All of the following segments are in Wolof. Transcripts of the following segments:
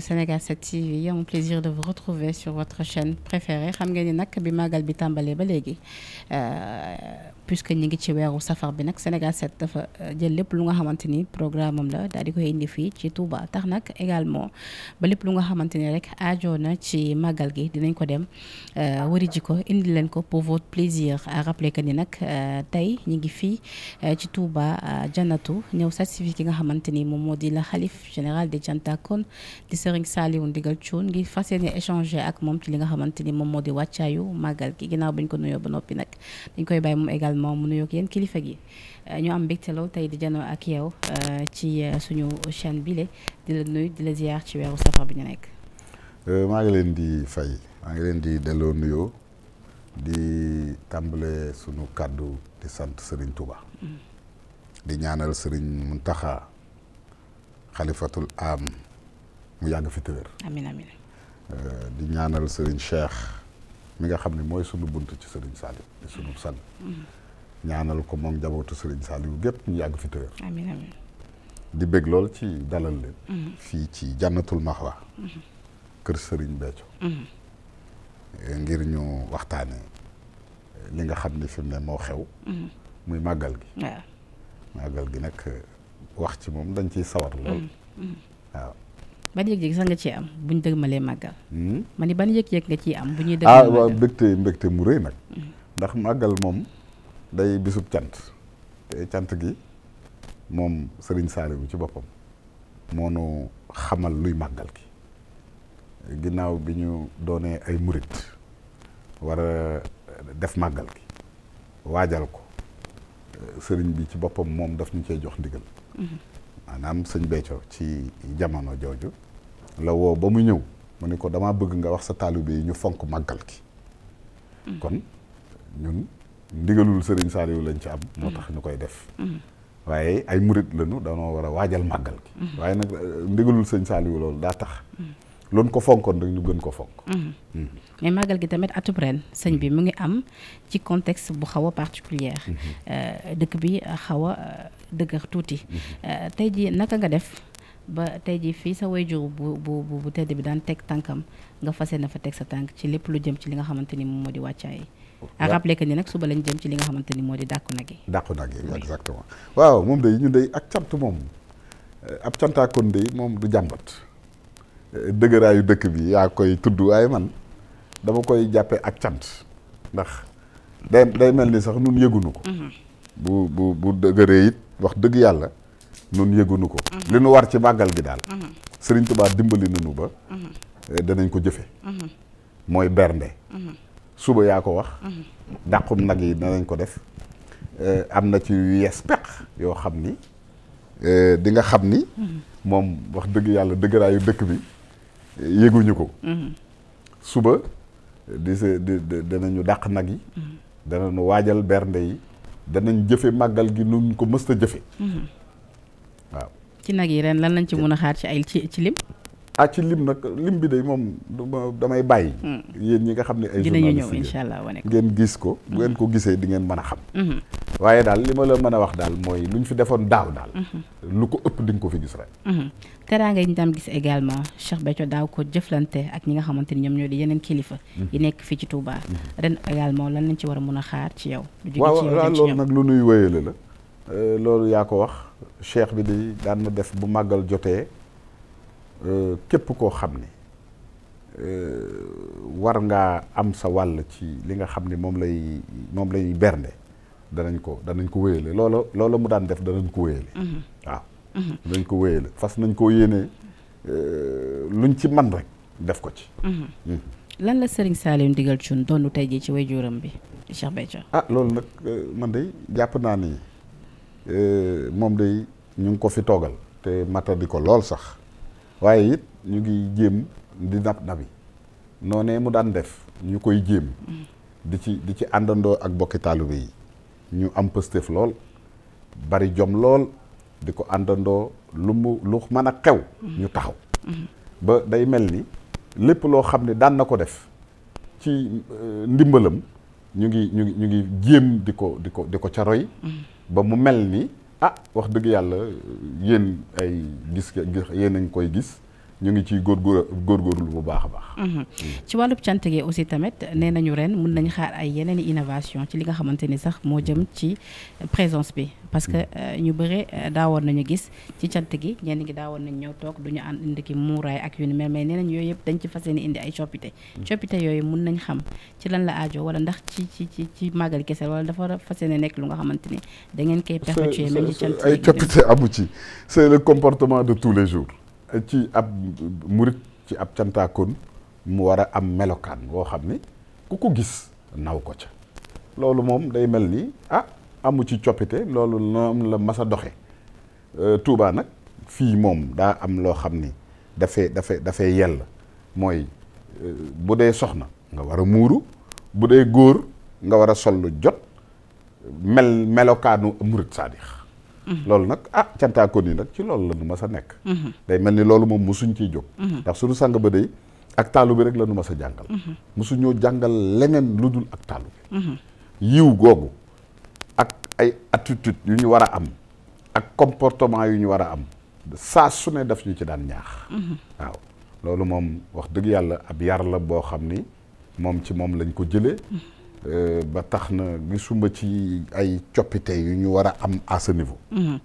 Sénégal set TV un plaisir de vous retrouver sur votre chaîne préférée xam ngeen ni nag bi màggal bi tàmbalee ba léegi euh, que ñu ngi ci weeru safar bi nag Sénégal 7 dafa euh, jël lépp lu nga xamante ni programme am la daal di koy indi fii ci Touba tax nag également ba lépp lu nga xamante ni rek aajo na ci màggal gi dinañ ko dem euh, wari ji ko indi leen ko pour votre plaisir à rappeler que ni nag tey ñu ngi fii ci Touba Janatu ñëw certifié ki nga xamante ni moom moo di la xalif général de Jantakon. di Serigne Saliou Ndigal Thioune ngi fas yéene échanger ak moom ci li nga xamante ni moom moo di wàccaayu màggal gi ginnaaw bañ ko nuyoo ba noppi nag dañ koy bàyyi moom également mu nuyoo ak yéen kilifa gi euh, ñu am mbégte lool tey di janoo ak yow euh, ci euh, suñu chaîne bile di la di la ziar ci weeru safar bi ñu nekk. maa ngi leen di fay maa ngi leen di delloo nuyoo di tàmbale suñu kàddu di sant Serigne Touba. Mm. di ñaanal Serigne Mountakha xalifatul am mu yàgg fi téwér euh, di ñaanal sëriñ Cheikh mi nga xam ne mooy sunu bunt ci sëriñ Saliou di sunu sang mm-hmm. ñaanal ko moom jabootu sëriñ Saliou gépp ñu yàgg fi téwér di bég lool ci dalal leen mm-hmm. fii ci jannatul maxwa mm-hmm. kër sëriñ Béthio euh, ngir ñu waxtaane euh, li nga xam ne fi mu ne moo xew muy màggal gi màggal gi nag wax ci moom dañ ciy sawar lool waaw ban yëg-yëg sax nga ciy am bu ñu dëgmalee màggal. Hmm? ma ni ban yëg-yëg nga ciy am bu ñuy. Ah, dëgmalee màggal ah waaw mbégte mbégte mu hmm. màggal moom day bisub cant te cant gi moom Serigne Saliou ci boppam moo xamal luy màggal ginnaaw bi ñu ay murit war màggal gi waajal ko sëriñ bi ci boppam moom daf ñu cee jox ndigal. Hmm. maanaam sëñ Béthio ci jamono jooju. la woo ba mu ñëw mu ne ko damaa bëgg nga wax sa taalibe yi ñu fonk màggal gi mm-hmm. kon ñun ndigalul sëriñ Saliou lañ ci am moo mm-hmm. tax ñu koy def mm-hmm. waaye ay murit lañu danoo war a waajal màggal gi waaye nag euh, ndigalul sëñ Saliou loolu daa tax loon ko fonkoon rek ñu gën ko fonk mais màggal gi tamit atub sëñ bi mu ngi am ci contexte bu xaw a particulière euh, dëkk bi xawa a euh, dëgër tuuti tey ji naka nga def ba tey jii fii sa wayjur bu bu bu tedd bi daan teg tànkam nga fase na fa teg sa tànk ci lépp lu jëm ci li nga xamante ni moom moo di wàccaay ak ah, rappelé ni nag suba lañ jëm ci li nga xamante ni moo di dàqu nag yi dàqu nag yi waaw moom day ñu day ak cant moom eh, ab cantaakoon day moom du jàmbat eh, dëgëraayu dëkk bi yaa koy tudd waaye man dama koy jàppe ak cant ndax day day mel ni sax nun yëgunu ko mm-hmm. bu bu bu dëgëree it wax dëgg yàlla nun yëgunu ko mhm. li nu war ci màggal gi daal mhm. sëriñ Tuubaa dimbali nanu ba mhm. eh, danañ ko jëfe mooy bernde suba yaa ko wax dàqum nag yi danañ ko def eh, am na ci yu yees peq yoo xam ni eh, di nga xam ni moom wax dëgg yàlla dëggaraayu dëkk bi yëguñu ko suba di sa di danañu dàq nag yi danañu waajal bernde yi danañ jëfe màggal gi nun ko mës a jëfe waaw ci nag yi ren lan lañ ci mën a xaar ci ay ci ci lim. ah ci lim nag lim bi de moom damay bàyyi. Hmm. yéen ñi nga xam ne ay. dinañu ñëw incha ngeen gis ko. Hmm. bu ngeen ko gisee di ngeen mën a xam. Hmm. waaye daal li ma la mën a wax daal mooy luñ fi defoon daaw daal. lu ko ëpp di nga ko fi gis rek. teraanga yi ñu daan gis également Cheikh Béthio daaw ko jëflante ak ñi nga xamante ni ñoom ñoo di yeneen kilifa. yi nekk fii ci Touba. ren également lan lañ ci war a mën a xaar ci cheikh bi di daan na def bu màggal jotee euh, képp koo xam ni euh, war ngaa am sa wàll ci li nga xam ni moom lay moom lay bernde danañ ko danañ ko wéyale loolo loolo mu daan def danañ ko wéyale mhm. waaw mhm. danañ ko wéyale fas nañ koo yéene euh, luñ ci man rek def ko ci mhm. lan la Serigne Saliou ndigal Thioune doonu tey jii ci waajuram bi Cheikh Béthio ah loolu nag man de jàpp naa ni Euh, moom day ñu ngi ko fi toogal te mata di ko lool sax waaye it ñu ngi jéem di nab nabi noonee mu daan def ñu koy jéem di ci di ci àndandoo ak bokki taalibe yi ñu am pëstëf lool bari jom lool di ko àndandoo lu mu lu mën a xew ñu taxaw ba day mel ni lépp loo xam ne daan na ko def ci euh, ndimbalam ñu ngi ñu ngi ñu ngi jéem di ko di ko di ko caro roy ba mu mel ni a ah, wax dëgg yàlla yéen ay gis yéen a koy gis ñu ngi ciy góorgóor góorgóorlu bu baax a baax. Mhm. ci wàllub cant gi aussi tamit nee nañu ren mun nañ xaar ay yeneen i innovation ci li nga xamante ni sax moo jëm ci présence bi parce que mhm. euh, ñu bëre euh, daawoon nañu gis ci cant gi ñenn gi daawoon nañu ñëw toog duñu ñu ànd indi ki muuraay ak yu ni mel mais nee nañu yooyu yëpp dañ ci fas yéene indi ay coppite. Mhm. coppite yooyu mun nañ xam ci lan la aajo wala ndax ci ci ci ci màggal kese wala dafa fas yéene nekk lu nga xamante ni da ngeen koy perpétuer même ci cant ay coppite amu ci c'est le comportement de tous ci ab murit ci ab cantaakoon mu war a am melokaan woo xam ni ku ko gis naw ko ca loolu moom day mel ni a ah, amu ci coppite loolu noonu la mas a doxe euh, Touba nag fii moom daa am loo xam ni dafay dafay dafay yell mooy euh, bu dee soxna nga war a muuru bu dee góor nga war a sol lu jot mel melokaanu murit saadix loolu nag ah cantaakon yi nag ci loolu la nu mas a nekk day mel ni loolu moom mosuñ ciy jóg ndax suñu sang ba day ak taalu bi rek la nu mas a jàngal mosuñoo jàngal leneen lu dul ak taalu bi yiw googu ak ay attitude yu ñu war a am ak comportement yu ñu war a am saa su ne daf ñu ci daan ñaax waaw loolu moom wax dëgg yàlla ab yar la boo xam ni moom ci moom lañ ko jëlee Euh, ba tax na gisuma ci ay coppite yu ñu war a am à niveau. Mhm.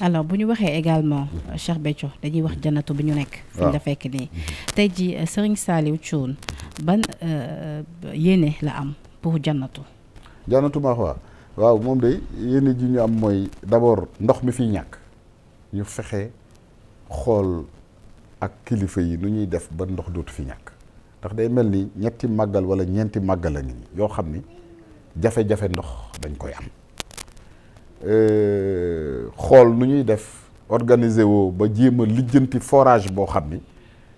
alors bu ñu waxee également. Mhm. Euh, Cheikh Béthio dañuy wax mhm. janatu bi ñu nekk. waaw fi ñu la ah. fekk nii tey jii euh, Serigne Saliou Thioune ban yéene la am pour janatu. janatu ma wax waaw moom de yéene ji ñu am mooy d'abord ndox mi fiy ñàkk ñu fexe xool ak kilifa yi nu ñuy def ba ndox dootu fi ñàkk. ndax day mel ni ñetti màggal wala ñeenti màggal la yoo xam ni jafe-jafe ndox dañ koy am euh, xool nu ñuy def organiser woo ba jéem a lijjanti forage boo xam ni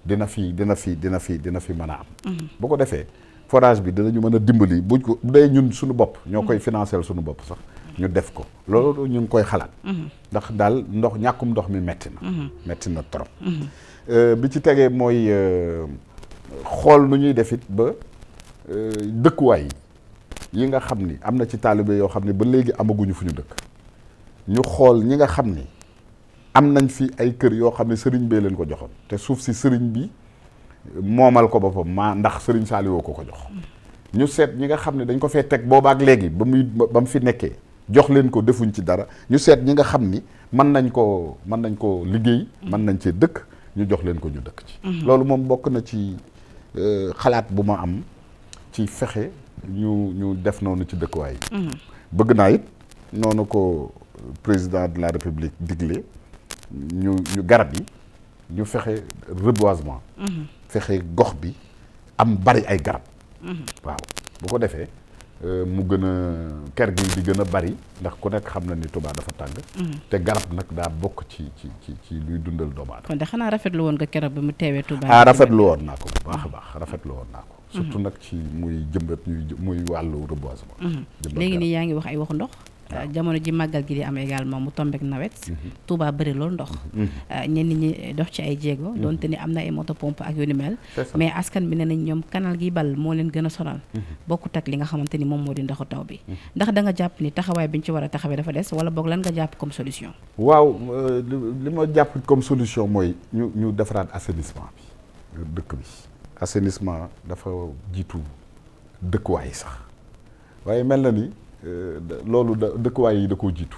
dina fi dina fi dina fi dina fi mën a am. Mhm. bu ko defee forage bi dinañu mën a dimbali buñ ko bu dee ñun suñu bopp. ñoo koy mhm. financer suñu bopp sax. ñu def ko loolu ñu ngi koy xalaat. Mhm. ndax daal ndox ñàkkum ndox mi metti na. metti na trop. Euh, bi ci tegee mooy. Euh, xool nu ñuy def it ba euh, dëkkuwaay yi nga xam ni am na ci taalibe yoo xam ne ba léegi amaguñu fu ñu dëkk ñu xool ñi nga xam ni am nañ fi ay kër yoo xam ne sëriñ bee leen ko joxoon te suuf si sëriñ bi moomal ko boppam maa ndax sëriñ Saaliwoo ko ko jox ñu seet ñi nga xam ne dañ ko fee teg booba ak léegi ba muy ba mu fi nekkee jox leen ko defuñ ci dara ñu seet ñi nga xam ni mën nañ koo mën nañ ko liggéey mën nañ cee dëkk ñu jox leen ko ñu dëkk ci mhm. loolu Euh, xalaat bu ma am ci fexe ñu ñu def noonu ci dëkkuwaay mhm. bëgg naa it noonu ko président de la république digle ñu ñu garab yi ñu fexe reboisement. Mhm. fexe gox bi am bari ay garab. Mhm. waaw bu ko defee. Euh, mu gën a ker gi di gën a bari ndax ku nekk xam na ni tubaa dafa tàng. Mhm. te garab nag daa bokk ci ci ci ci luy dundal doomu aadama. kon de xanaa rafetlu woon nga keroog bi mu teewee Touba. ah rafetlu woon naa ko bu baax a mhm. baax rafetlu woon naa ko. Mhm. surtout nag ci muy jëmbat ñuy muy wàllu reboisement. léegi nii yaa ngi wax ay waxu ndox. Euh, jamono ji màggal gi di am également mu tombeek nawet mhm. Touba bëri loolu ndox mhm. Mhm. Euh, ñenn ñi dox ci ay jéego donte ni am na ay moto pompe ak yu ni mel mais askan bi ne nañ ñoom canal gi bal moo leen gën a sonal bokkut ak li nga xamante ni moom moo di ndoxu taw bi ndax da nga jàpp ni taxawaay bi ñu ci war a taxawee dafa des wala boog lan nga jàpp comme solution waaw euh, li ma jàpp comme solution mooy ñu ñu defaraat assainissement bi dëkk bi assainissement dafa jiitu dëkkuwaay sax Euh, loolu da dëkkuwaay yi da koo jiitu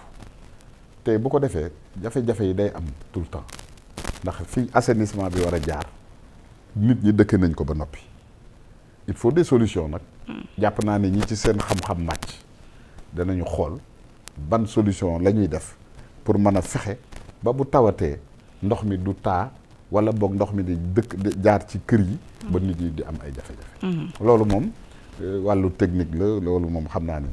te bu ko defee jafe-jafe yi day am tout le temps ndax fii assainissement bi war a jaar nit ñi dëkk nañ ko ba noppi il faut des solution nag jàpp naa ne ñi ci seen xam-xam màcc danañu xool ban solution lañuy def pour mën a fexe ba bu tawatee ndox mi du taa wala boog ndox mi di dëkk jaar ci kër yi ba nit yi di am ay jafe-jafe mm-hmm. loolu moom Euh, wàllu technique la loolu moom xam naa ni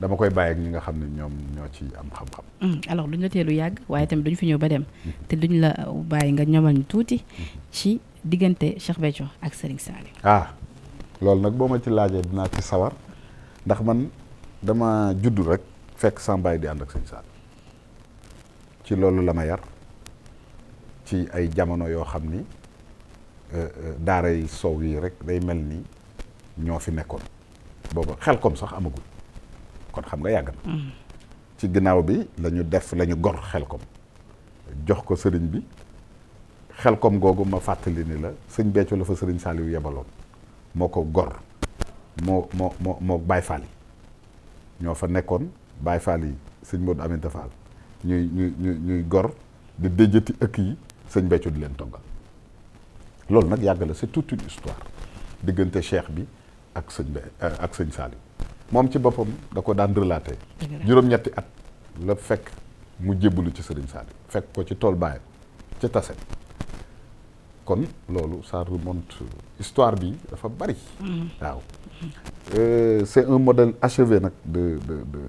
dama koy bàyyi ak ñi nga xam ne ñoom ñoo ci am xam-xam. Hmm, alors duñ la teelu yàgg waaye tamit duñ fi ñëw ba dem. Hmm. te duñ la bàyyi nga ñomal ñu tuuti. ci diggante Cheikh Béthio ak Serigne Saliou. ah loolu nag boo ma ci laajee dinaa ci sawar ndax man dama juddu rek fekk sambaay di ànd ak Serigne Saliou ci loolu la ma yar ci ay jamono yoo xam ni euh, euh, daaray sow yi rek day mel ni. ñoo fi nekkoon booba xel koom sax amagul kon xam nga yàgg na mm. ci ginnaaw bi lañu def lañu ñu gor xel kom jox ko sëriñ bi xel kom googu ma fàttali ni la sëñ Béthio la fa sëriñ Saliou yebaloon moo ko gor moo moo moo moo Baye yi ñoo fa nekkoon baay Fall yi sëñ Modou Aminta Fall ñuy ñuy gor di déjati ëkk yi sëñ Béthio di leen toggal loolu nag yàgg la c'est toute une histoire diggante cheikh bi ak sëñ be eh, ak sëñ Saaliw moom ci boppam da ko daan relaté juróom-ñetti at la fekk mu jébbalu ci sëriñ Saaliw fekk ko ci tool baayam ca tase kon loolu ça remonte histoire bi dafa bari mm. waaw euh, c'est un modèle achevé nag de de de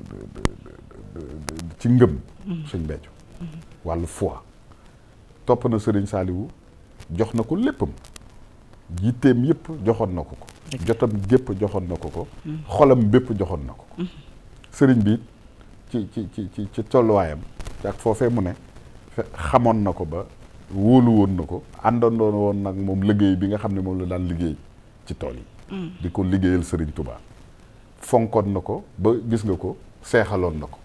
de ci ngëm mm. sëñ Béthio mm. wàllu foi topp na sëriñ Saaliwu jox na ko léppam yitteem yëpp joxoon na ko ko jotam gépp joxoon na ko ko mm. xolam bépp joxoon na ko mm-hmm. sëriñ bi ci ci ci ci ci tolluwaayam ci ak foofee mu ne xamoon na ko ba wóolu woon na ko àndandoo woon nag moom liggéey bi nga xam ne moom la daan liggéey ci tool yi mm. di ko liggéeyal sëriñ Touba fonkoon na ko ba gis nga ko seexaloon na ko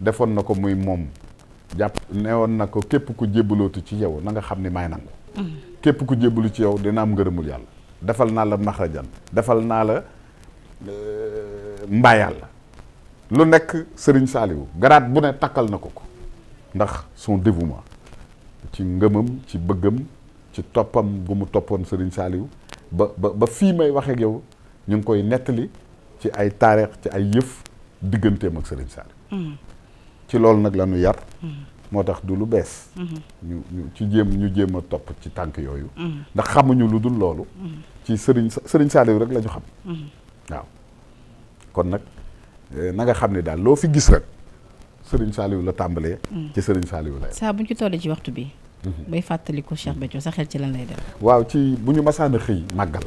defoon na ko muy moom jàpp newoon na ko képp ku jébbalootu ci yow na nga xam ne may nangu képp ku jébbalu ci yow dina am ngërëmul yàlla defal naa la maxrajan defal naa la euh, mbaa la lu nekk sëriñ saaliw garaat bu ne takkal na ko ko ndax son dévouement ci ngëmam ci bëggam ci toppam bu mu toppoon sëriñ saaliw ba ba ba fii may wax ak yow ñu ngi koy nettali ci ay taarix ci ay yëf digganteem ak Serigne Saliou mm. ci loolu nag la yar mm. moo tax du lu bees. Mhm. ñu ñu ci jéem ñu jéem a topp ci tànk yooyu. Mhm. ndax xamuñu lu dul loolu. Mhm. ci sëriñ sëriñ rek la ñu xam. waaw kon nag eh, na xam ne daal loo fi gis rek sëriñ Saliou la tàmbalee. ci sëriñ Saliou la saa bu ñu ci ci waxtu bi. bay fàttaliku Cheikh Béthio sa xel ci la lay def. waaw ci bu ñu masaan a xëy màggal.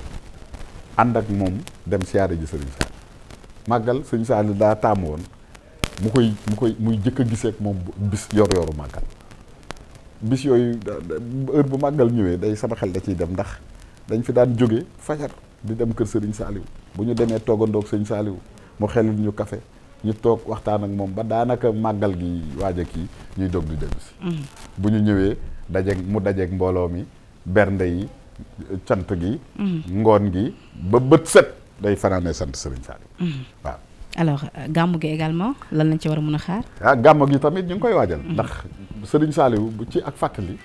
ànd ak moom dem siyaare ji sëriñ Saliou màggal sëriñ Saliou daa taamu woon. mu koy mu koy muy jëkk a gisee ak moom bis yor yoru màggal bis yooyu heure bu màggal ñëwee day sama xel da ciy dem ndax dañ fi daan jóge fajar di dem kër sëriñ saaliw bu ñu demee toogandoog sëñ saaliw mu xelil ñu kafe ñu toog waxtaan ak moom ba daanaka màggal gi waaj ki ñuy dog di dem si mm-hmm. bu ñu ñëwee dajeeg mu dajeeg mbooloo mi bernde yi sant gi mm-hmm. ngoon gi ba bët set day fanaanee sant sëriñ saaliw mm-hmm. alors euh, gàmmu gi également lan lañ ci war a mën a xaar. Ah, gàmmu gi tamit ñu ngi koy waajal. Mm-hmm. ndax Serigne Saliou bu ci ak fàttali.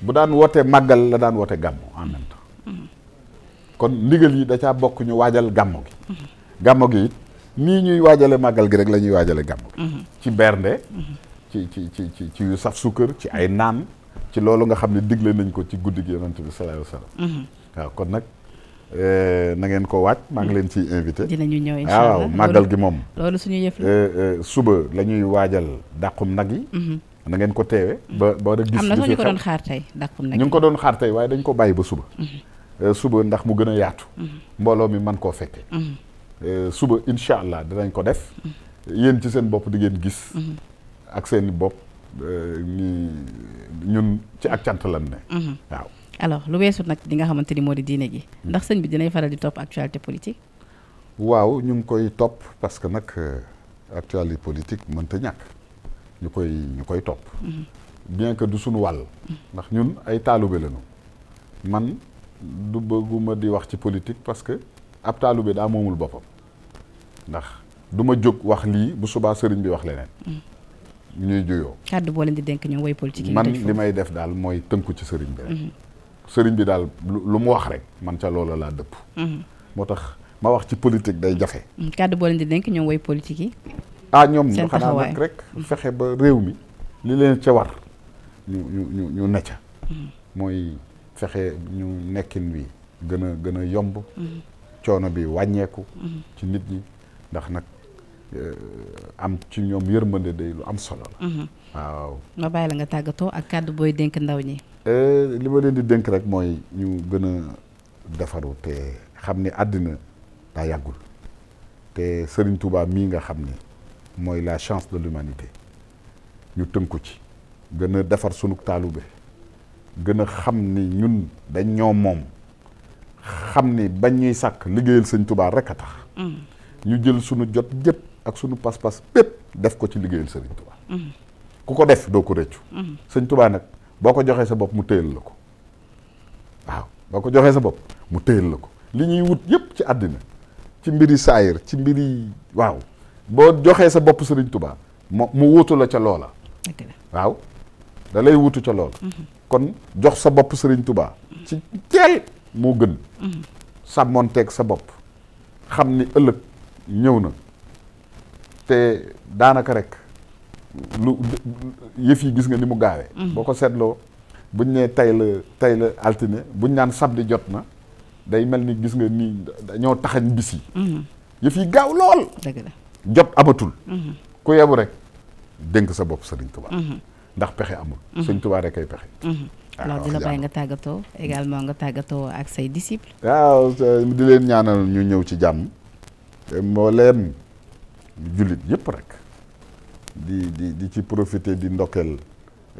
bu daan wootee màggal la daan woote gàmmu en même temps. Mm-hmm. kon ndigal yi da caa bokk ñu waajal gàmmu gi. Mm-hmm. gàmmu gi it nii ñuy waajale màggal gi rek lañuy waajale gàmmu gi. ci bernde. ci ci ci ci ci yu saf sukkër ci ay naan. ci loolu nga xam ne digle nañ ko ci guddi gi yonent bi sallallahu alayhi wasallam. kon nag. Eh, na ngeen ko waaj maa ngi mm. leen ciy invité. dinañu ñëw ah, incha allah waaw màggal gi moom. loolu suñu yëf la eh, eh, suba la ñuy waajal dàqum nag yi. Mm-hmm. na ngeen ko teewe mm-hmm. ba ba rek gis am na sax xaar tey dàqum nag yi ñu ngi ko doon xaar tey waaye dañ ko bàyyi ba suba. Mm-hmm. suba ndax mu gën a yaatu. mbooloo mi man koo fekke suba incha allah dinañ ko def. yéen ci seen bopp di ngeen gis. ak seen bopp ñun ci ak cant lan ne. waaw. alors lu weesu nag li nga xamante ni moo di diine gi ndax sëñ bi dinay faral di topp actualité politique waaw ñu ngi koy topp parce que nag euh, actualité politique mënta ñàkk ñu koy ñu koy topp mhm. bien que du suñu wàll ndax ñun ay taalube lañu man du bëgguma di wax ci politique parce que ab taalube daa moomul boppam ndax duma jóg wax lii bu subaa sëriñ bi wax leneen mhm. ñuy juyoo kàddu boo leen di dénk ñoom way politique man li may def daal mooy tënku ci sëriñ bi rek mhm. sëriñ bi daal lu mu wax rek man ca loola laa dëpp. Mhm. moo tax ma wax ci politique day joxe mm, kàddu boo leen di denk ñoom way politique yi. ah ñoom xanaa nag rek mm. fexe ba réew mi li leen ca war ñu ñu ñu ca. Mm. mooy fexe ñu nekkin wi gën a gën a yomb. coono bi wàññeeku. ci nit ñi ndax nag. Euh, am ci ñoom yërmande day lu am solo la. Mhm. waaw. ma nga tàggatoo ak kàddu booy dénk ndaw ñi. Euh, li ma leen di dénk rek mooy ñu gën a defaru te xam ni àddina daa yàggul te Serigne Touba mii nga xam ni mooy la chance de l'humanité ñu tënku ci. gën a defar sunu taalube gën a xam ni ñun dañ ñoo moom xam ni bañ ñuy sàkk liggéeyal sëñ tubaab rekk a tax. Mhm. ñu jël sunu jot jëpp. ak sunu pas-pas bépp def ko ci liggéeyal Serigne Touba. Mm-hmm. ku ko def doo ko rëccu. Mm-hmm. Sëñ Touba nag boo ko joxee sa bopp mu téyel la ko ko joxee sa bopp mu téyel la ko li ñuy wut yépp ci àddina ci mbiri saayir ci mbiri waaw boo joxee sa bopp Serigne Touba mo mu wutu la ca loola. waaw da wutu ca loola. Mm-hmm. kon jox sa bopp sëriñ Touba. ci teel moo gën. teg sa bopp xam ni ëllëg ñëw na. te daanaka rek lu yëf yi gis nga ni mu gaawee. Mm-hmm. boo ko seetloo buñ nee tey la tey la altine buñ naan samedi jot na day mel ni gis nga ni dañoo taxañ bis yi. Mm-hmm. yëf yi gaaw lool. la jot amatul. Mm-hmm. ku yebu rek dénk sa bopp Sëriñ Tuubaa. ndax pexe amul. Sëriñ Tuubaa rek ay pexe. alors di la bàyyi nga tàggatoo également nga tàggatoo ak say disciples. waaw di leen ñaanal ñu ñëw ci jàmm. mbooleem jullit yëpp rek di di di ci profité di ndokkeel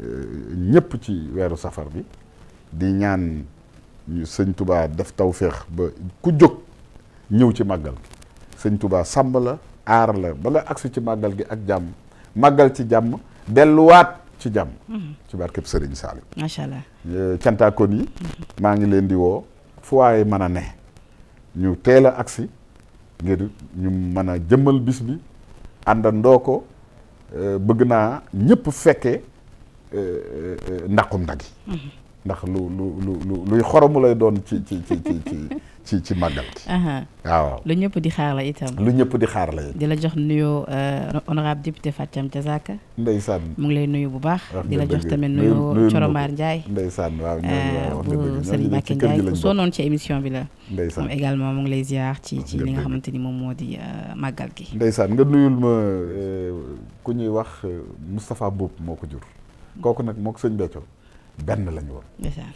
euh, ñëpp ci weeru safar bi di ñaan ñu sëñ tubaa def tawféex ba ku jóg ñëw ci màggal gi sëñ tubaa sàmm la aar la ba agsi ci màggal gi ak jàmm màggal ci jàmm delluwaat ci jàmm mm-hmm. ci barkeb sëriñ Saliou macha allah euh, cantaakoon yi mm-hmm. maa ngi leen di woo fu waaye mën a ne ñu teel a agsi ngir ñu mën a jëmmal bis bi àndandoo ko euh, bëgg naa ñëpp fekkee euh, euh, ndaqum ndagi mm-hmm. ndax lu lu lu luy xoromu doon ci ci ci ci ci ci màggal gi. lu ñëpp di xaar la itam. lu ñëpp di xaar la it. di la jox nuyoo euh, honorable député Fathiam Diazaka. ndeysaan mu ngi lay nuyu bu baax. di la jox tamit nuyu Coromar Ndiaye. ndeysaan waaw euh, bu Serigne Mbacké Ndiaye ku soonoon ci émission bi la. ndeysaan moom également mu ngi lay ziar ci ci li nga xamante ni moom moo di euh, màggal gi. ndeysaan nga nuyul ma ku ñuy wax Moustapha Mboup moo ko jur. Mm. kooku nag mook sëñ Béthio benn la woon. ndeysaan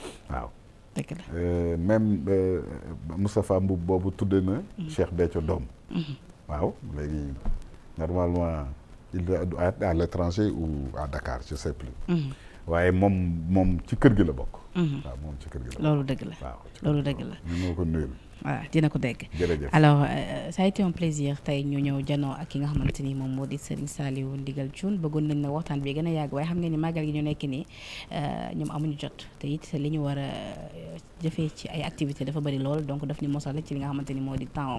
dëgg la euh, même euh, Moustapha Mboub boobu tudd na. Mm-hmm. Cheikh Béthio doom. Mm-hmm. waaw léegi normalement il est à l'étranger ou à Dakar je sais plus. Mm-hmm. waaye moom moom ci kër gi la bokk. waaw moom ci kër gi la bokk. loolu dëgg la loolu dëgg la. ñu ngi ko nuyul. voilà dina ko dégg. alors euh, ça a plaisir tey ñu ñëw janoo ak ki nga xamante ni moom moo di Serigne Saliou Ndigal Thioune bëggoon nañ na waxtaan bi gën a yàgg waaye xam ngeen ni màggal gi ñu nekk euh, jot te it li ñu war a euh, jëfee ci ay activités dafa bëri lool donc daf ni mosal ci li nga xamante ni moo di temps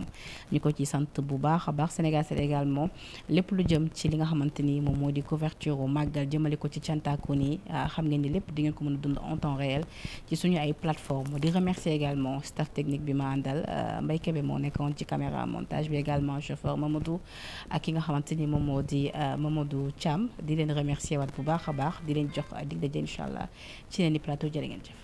am ko ci sant bu baax a baax Sénégal c'est moom lépp lu jëm ci li nga xamante ni moom moo di couverture u màggal jëmale ko ci cantaakun yi ah, xam ngeen ni lépp di ngeen ko mën a dund en temps réel ci suñu ay plateforme di remercier également staff technique Sénégal euh, Mbaye Kébé moo nekkoon ci caméra montage bi également chauffeur Mamadou ak ki nga xamante ni moom moo di euh, Mamadou Thiam di leen remercier wat bu baax a baax di leen jox dig daje incha allah ci leen di plateau jërë ngeen jëf